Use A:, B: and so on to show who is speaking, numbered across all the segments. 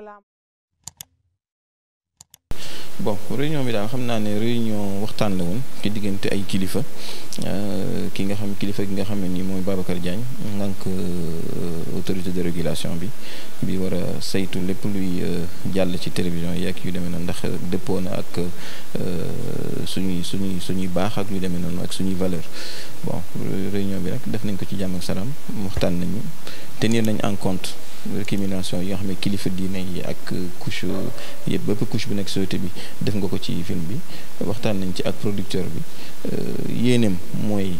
A: salaam. bon réunion bi daal xam naa ne réunion waxtaan la woon ci diggante ay kilifa euh, ki nga xam kilifa ki nga xam ne nii mooy Babacar Diagne ngànk euh, autorité de régulation bi bi war saytu lépp luy euh, jàll ci télévision yi ak yu demee noonu ndax dëppoo na ak suñuy suñuy suñuy baax ak yu demee noonu ak suñuy valeur bon réunion bi nag def nañ ko ci jàmm ak salaam waxtaan nañu tenir nañ en compte. récrimination yi nga xam ne kilifa diine yi ak couche yëpp bépp couche bu nekk société bi def nga ko ci film bi waxtaan nañ ci ak producteur bi euh, yéeneem mooy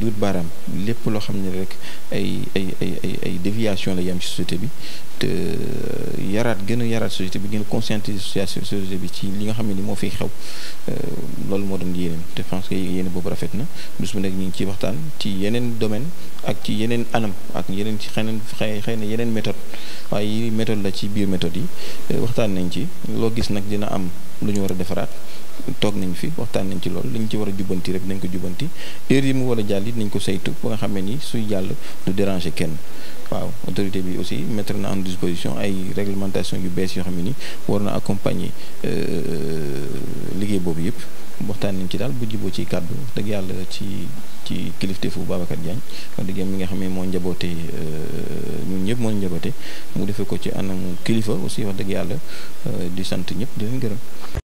A: duut baaraam lépp loo xam ne rek ay ay ay ay ay déviation la yam ci société bi te euh, yaraat gën a yaraat société bi gën a conscientiser société bi ci li nga xam ne ni moo fiy xew euh, loolu moo doon yéeneem te je pense que yéene boobu rafet na bés bu nekk ñu ngi ciy waxtaan ci yeneen domaine ak ci yeneen anam ak yeneen ci xeneen xëy xëy na yeneen méthode waaye yi méthode la ci biir méthode yi eh, waxtaan nañ ci loo gis nag dina am lu ñu war a defaraat toog nañ fi waxtaan nañ ci lool li ci war a jubbanti rek nañ ko jubbanti heure yi mu war a jàll it nañ ko saytu ba nga xamee ni suy jàll du déranger kenn waaw autorité bi aussi mettre na en disposition ay réglementation yu bees yoo xam ne ni war na accompagner euh, liggéey boobu yëpp waxtaan nañ ci daal bu jiboo ci kàddu wax dëgg yàlla ci ci fu Babacar Diagne wax dëgg mi nga xam ne moo njaboote euh, ñun ñëpp moo njaboote mu defee ko ci anamu kilifa aussi wax dëgg yàlla euh, di sant ñëpp di gërëm